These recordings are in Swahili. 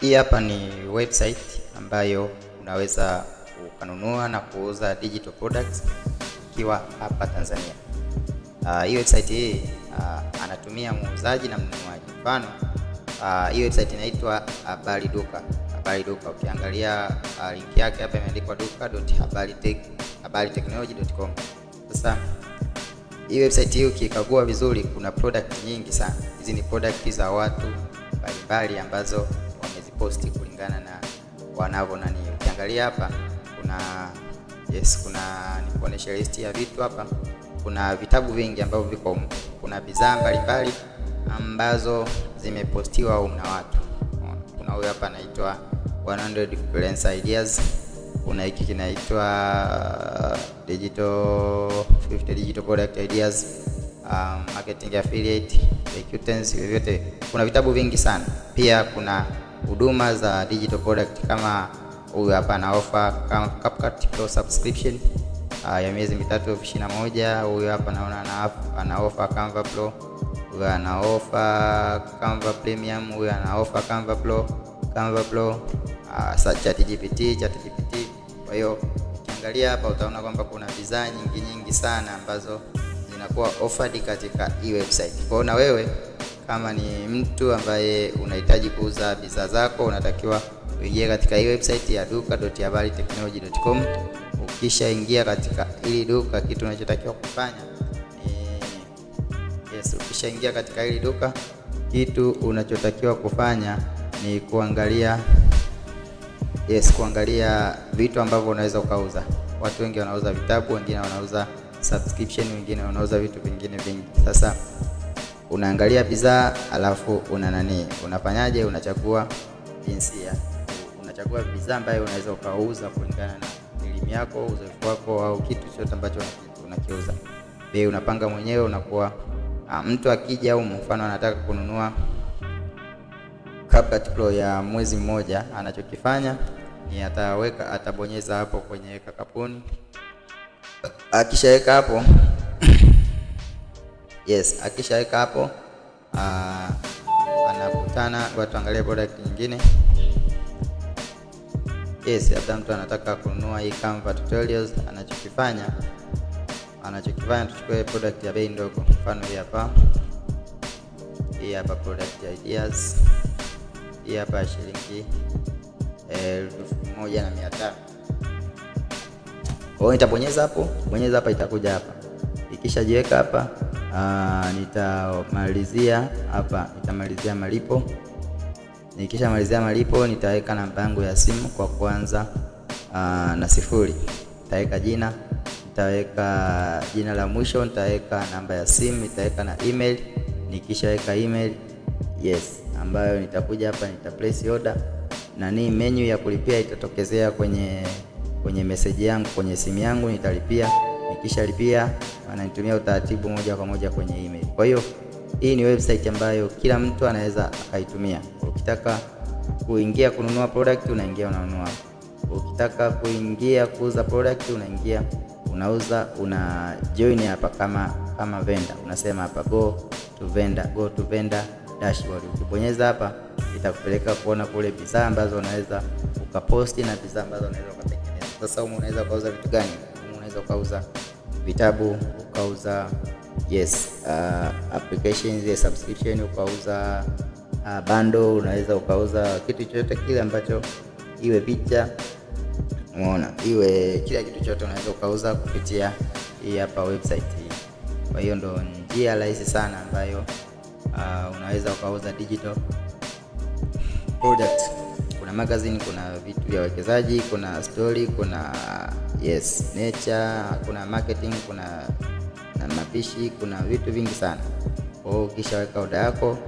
Hii hapa ni website ambayo unaweza ukanunua na kuuza digital products ikiwa hapa Tanzania. Uh, hii website hii uh, anatumia muuzaji na mnunuaji. Mfano uh, hii website inaitwa Habari Duka. Habari Duka, ukiangalia uh, link yake hapa imeandikwa duka.habaritechnology.com. Sasa hii website hii ukikagua vizuri, kuna product nyingi sana. Hizi ni product za watu mbalimbali ambazo kuposti kulingana na wanavyo nani. Ukiangalia hapa kuna yes, kuna nikuonesha list ya vitu hapa. Kuna vitabu vingi ambavyo viko huko, kuna bidhaa mbalimbali ambazo zimepostiwa huko na watu. Kuna huyu hapa anaitwa 100 freelance ideas, kuna hiki kinaitwa digital 50 digital product ideas, um, marketing affiliate, recruitment, vyote. Kuna vitabu vingi sana pia kuna huduma za digital product kama huyu hapa ana offer kama CapCut Pro subscription uh, ya miezi mitatu elfu ishirini na moja. Huyu hapa naona ana ana offer Canva Pro, huyu ana offer Canva Premium, huyu ana offer Canva Pro, Canva Pro uh, ChatGPT, ChatGPT. Kwa hiyo ukiangalia hapa utaona kwamba kuna bidhaa nyingi nyingi sana ambazo zinakuwa offered katika hii website. Kwa hiyo na wewe kama ni mtu ambaye unahitaji kuuza bidhaa zako, unatakiwa uingie katika hii website ya duka.habaritechnology.com. Ukishaingia katika hili duka, kitu unachotakiwa kufanya yes, ukishaingia katika hili duka, kitu unachotakiwa kufanya ni kuangalia yes, kuangalia vitu ambavyo unaweza ukauza. Watu wengi wanauza vitabu, wengine wanauza subscription, wengine wanauza vitu vingine vingi. Sasa unaangalia bidhaa alafu una nani, unafanyaje, unachagua jinsia, unachagua bidhaa ambayo unaweza ukauza kulingana na elimu yako, uzoefu wako, au kitu chochote ambacho unakiuza. Bei unapanga mwenyewe, unakuwa ah, mtu akija, au mfano anataka kununua kabla ya mwezi mmoja, anachokifanya ni ataweka, atabonyeza hapo kwenye kakapuni akishaweka hapo Yes, akishaweka hapo ah, anakutana watu, angalia product nyingine. Yes, labda mtu anataka kununua hii Canva tutorials, anachokifanya anachokifanya tuchukue product ya bei ndogo, mfano hii hapa, hii hapa product ideas, hii hapa shilingi elfu moja na mia tano. Kwa hiyo nitabonyeza hapo, bonyeza hapa, itakuja hapa, ikishajiweka hapa Uh, ah, nitamalizia hapa, nitamalizia malipo. Nikishamalizia malipo, nitaweka namba yangu ya simu kwa kuanza uh, ah, na sifuri. Nitaweka jina, nitaweka jina la mwisho, nitaweka namba ya simu, nitaweka na email. Nikishaweka email yes, ambayo nitakuja hapa, nita place order na ni menu ya kulipia itatokezea kwenye kwenye meseji yangu kwenye simu yangu, nitalipia nikishalipia wananitumia utaratibu moja kwa moja kwenye email. Kwa hiyo hii ni website ambayo kila mtu anaweza akaitumia. Ukitaka kuingia kununua product unaingia unanunua, ukitaka kuingia kuuza product unaingia unauza, una join hapa kama kama vendor, unasema hapa go to vendor, go to vendor dashboard. Ukibonyeza hapa itakupeleka kuona kule bidhaa ambazo unaweza ukaposti na bidhaa ambazo unaweza ukatengeneza. Sasa huko unaweza kuuza vitu gani? unaweza ukauza vitabu ukauza yes, uh, applications ya subscription ukauza uh, bundle, unaweza ukauza kitu chochote kile ambacho, iwe picha, umeona, iwe kila kitu chote unaweza ukauza kupitia hii hapa website hii. Kwa hiyo ndo njia rahisi sana ambayo uh, unaweza ukauza digital product kuna magazine, kuna vitu vya wawekezaji, kuna story, kuna yes nature, kuna marketing, kuna na mapishi, kuna vitu vingi sana. Kwa hiyo ukishaweka oda yako,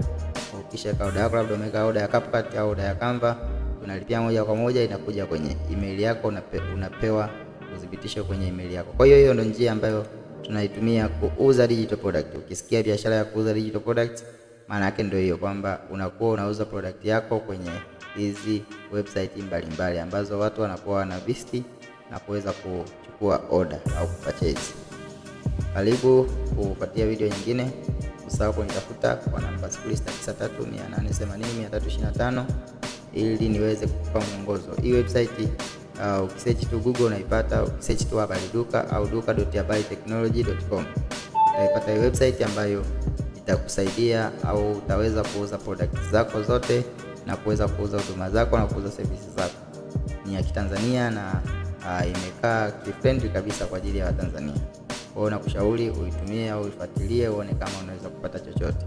ukishaweka oda yako, labda umeweka oda ya CapCut au oda ya Canva, unalipia moja kwa moja, inakuja kwenye email yako, unape, unapewa uthibitisho kwenye email yako. Kwa hiyo hiyo ndio njia ambayo tunaitumia kuuza digital product. Ukisikia biashara ya kuuza digital product, maana yake ndio hiyo kwamba unakuwa unauza product yako kwenye hizi website mbalimbali mbali, ambazo watu wanakuwa wana visti na kuweza kuchukua order au kupurchase. Karibu kupatia video nyingine, usahau kunitafuta kwa namba 0693880325 ili niweze kukupa mwongozo. Hii website uh, ukisearch tu Google unaipata, ukisearch tu habari duka au duka.habaritechnology.com utaipata hii website ambayo itakusaidia au utaweza kuuza product zako zote na kuweza kuuza huduma zako na kuuza services zako. Ni ya Kitanzania na uh, imekaa kifriendly kabisa kwa ajili ya Watanzania. Kwa hiyo nakushauri uitumie au uifuatilie uone kama unaweza kupata chochote.